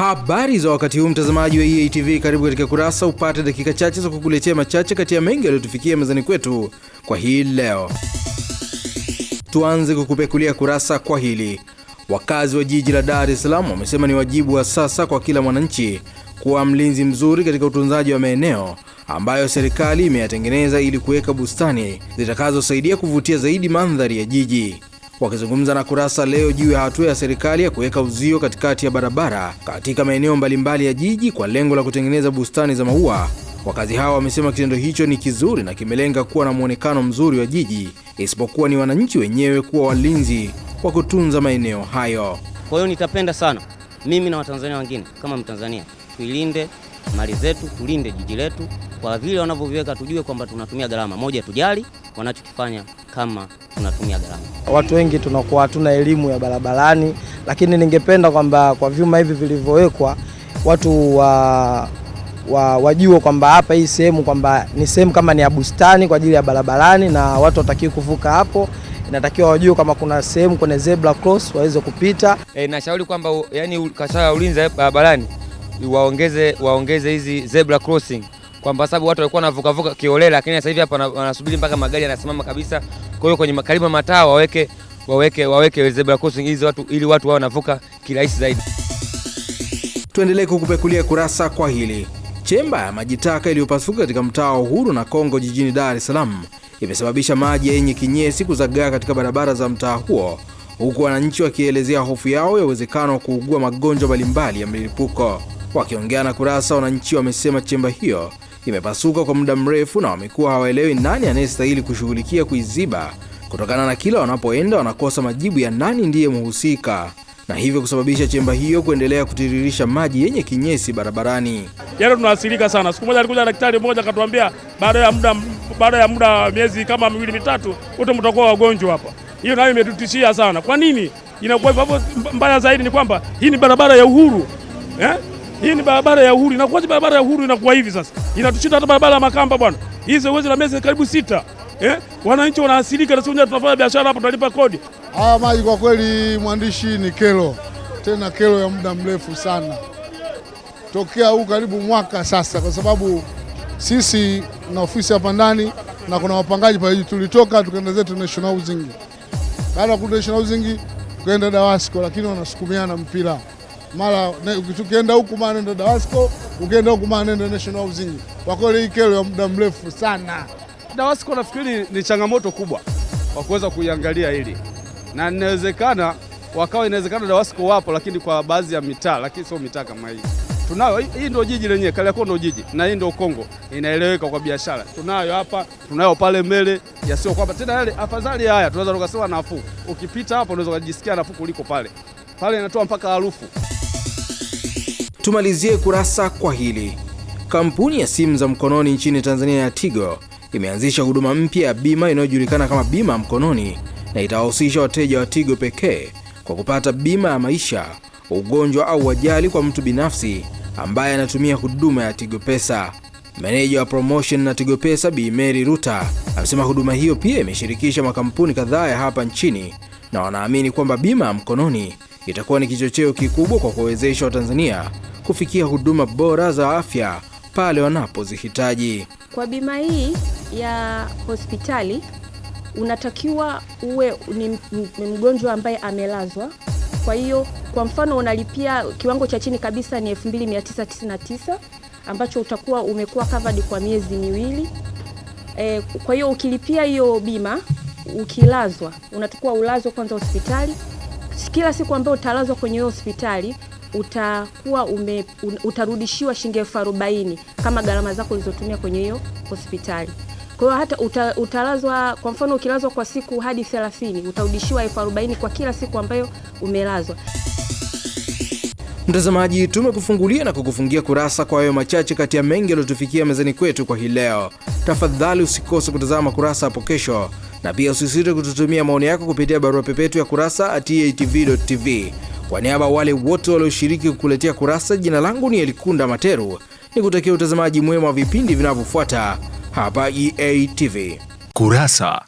Habari za wakati huu mtazamaji wa EATV, karibu katika Kurasa upate dakika chache za kukuletea machache kati ya mengi yaliyotufikia mezani kwetu kwa hii leo. Tuanze kukupekulia kurasa kwa hili. Wakazi wa jiji la Dar es Salaam wamesema ni wajibu wa sasa kwa kila mwananchi kuwa mlinzi mzuri katika utunzaji wa maeneo ambayo serikali imeyatengeneza ili kuweka bustani zitakazosaidia kuvutia zaidi mandhari ya jiji. Wakizungumza na Kurasa leo juu ya hatua ya serikali ya kuweka uzio katikati ya barabara katika maeneo mbalimbali ya jiji kwa lengo la kutengeneza bustani za maua, wakazi hawa wamesema kitendo hicho ni kizuri na kimelenga kuwa na mwonekano mzuri wa jiji, isipokuwa ni wananchi wenyewe kuwa walinzi wa kutunza maeneo hayo. Kwa hiyo nitapenda sana mimi na Watanzania wengine kama Mtanzania tuilinde mali zetu, tulinde jiji letu, kwa vile wanavyoviweka tujue kwamba tunatumia gharama moja, tujali wanachokifanya kama tunatumia gharama. Watu wengi tunakuwa hatuna elimu ya barabarani, lakini ningependa kwamba kwa vyuma hivi vilivyowekwa watu wa wa, wajue kwamba hapa hii sehemu kwamba ni sehemu kama ni ya bustani kwa ajili ya barabarani, na watu watakiwa kuvuka hapo. Inatakiwa wajue kama kuna sehemu kwenye zebra cross waweze kupita. E, eh, nashauri kwamba yani kasa ya ulinzi barabarani waongeze waongeze hizi zebra crossing kwamba sababu watu walikuwa wanavuka vuka kiolela, lakini sasa hivi hapa wanasubiri mpaka magari yanasimama kabisa. Kwa hiyo kwenye karibu mataa waweke waweke waweke zebra crossing hizi watu, ili watu wao wanavuka kirahisi zaidi. Tuendelee kukupekulia kurasa kwa hili. Chemba ya maji taka iliyopasuka katika mtaa wa Uhuru na Kongo jijini Dar es Salaam imesababisha maji yenye kinyesi kuzagaa katika barabara za mtaa huo, huku wananchi wakielezea hofu yao ya uwezekano wa kuugua magonjwa mbalimbali ya mlipuko. Wakiongea na Kurasa, wananchi wamesema chemba hiyo imepasuka kwa muda mrefu na wamekuwa hawaelewi nani anayestahili kushughulikia kuiziba, kutokana na kila wanapoenda wanakosa majibu ya nani ndiye mhusika, na hivyo kusababisha chemba hiyo kuendelea kutiririsha maji yenye kinyesi barabarani. Yaani tunaasirika sana. Siku moja alikuja daktari mmoja akatuambia, baada ya muda baada ya muda miezi kama miwili mitatu, wote mtakuwa wagonjwa hapa. Hiyo nayo imetutishia sana. Kwa nini inakuwa hivyo? Mbaya zaidi ni kwamba hii ni barabara ya Uhuru eh? Hii ni barabara ya uhuru. Inakuwaje barabara ya uhuru inakuwa hivi sasa? Inatushinda hata barabara ya Makamba bwana. Hii zoezi la mezi karibu sita. Eh? Wananchi wanaasilika na sisi tunafanya biashara hapa tunalipa kodi. Haya ah, maji kwa kweli, mwandishi, ni kero. Tena kero ya muda mrefu sana. Tokea huu karibu mwaka sasa kwa sababu sisi na ofisi hapa ndani na kuna wapangaji pale, tulitoka tukaenda zetu National Housing. Baada ya kuenda National Housing tukaenda Dawasco, lakini wanasukumiana mpira mara ukienda huku maana nenda Dawasco, ukienda huku maana nenda National Housing. Kwa kweli hii kero ya muda mrefu sana. Dawasco nafikiri ni changamoto kubwa kwa kuweza kuiangalia hili, na inawezekana wakawa, inawezekana Dawasco wapo, lakini kwa baadhi ya mitaa, lakini sio mitaa kama hii tunayo hii ndio jiji lenyewe, Kariakoo ndio jiji na hii ndio Kongo, inaeleweka kwa biashara. Tunayo hapa, tunayo pale mbele, yasio kwamba tena yale afadhali. Haya tunaweza tukasema nafuu, ukipita hapo unaweza kujisikia nafuu kuliko pale pale, inatoa mpaka harufu. Tumalizie kurasa kwa hili. Kampuni ya simu za mkononi nchini Tanzania ya Tigo imeanzisha huduma mpya ya bima inayojulikana kama bima mkononi na itawahusisha wateja wa Tigo pekee kwa kupata bima ya maisha, ugonjwa au ajali kwa mtu binafsi ambaye anatumia huduma ya Tigo Pesa. Meneja wa promotion na Tigo Pesa Bi Mary Ruta amesema huduma hiyo pia imeshirikisha makampuni kadhaa ya hapa nchini na wanaamini kwamba bima ya mkononi itakuwa ni kichocheo kikubwa kwa kuwawezesha Watanzania kufikia huduma bora za afya pale wanapozihitaji. Kwa bima hii ya hospitali unatakiwa uwe ni mgonjwa ambaye amelazwa. Kwa hiyo kwa mfano unalipia kiwango cha chini kabisa ni 2999 ambacho utakuwa umekuwa covered kwa miezi miwili. E, kwa hiyo ukilipia hiyo bima ukilazwa, unatakiwa ulazwe kwanza hospitali kila siku ambayo utalazwa kwenye hiyo hospitali utakuwa ume, utarudishiwa shilingi elfu arobaini kama gharama zako ulizotumia kwenye hiyo hospitali. Kwa hiyo hata uta, utalazwa kwa mfano ukilazwa kwa siku hadi 30 utarudishiwa elfu arobaini kwa kila siku ambayo umelazwa. Mtazamaji, tumekufungulia na kukufungia kurasa kwa hayo machache kati ya mengi yaliyotufikia mezani kwetu kwa hii leo. Tafadhali usikose kutazama kurasa hapo kesho, na pia usisite kututumia maoni yako kupitia barua pepe ya kurasa at atv.tv. Kwa niaba wale wote walioshiriki kukuletea Kurasa, jina langu ni Elikunda Materu, ni kutakia utazamaji mwema wa vipindi vinavyofuata hapa EA TV. Kurasa.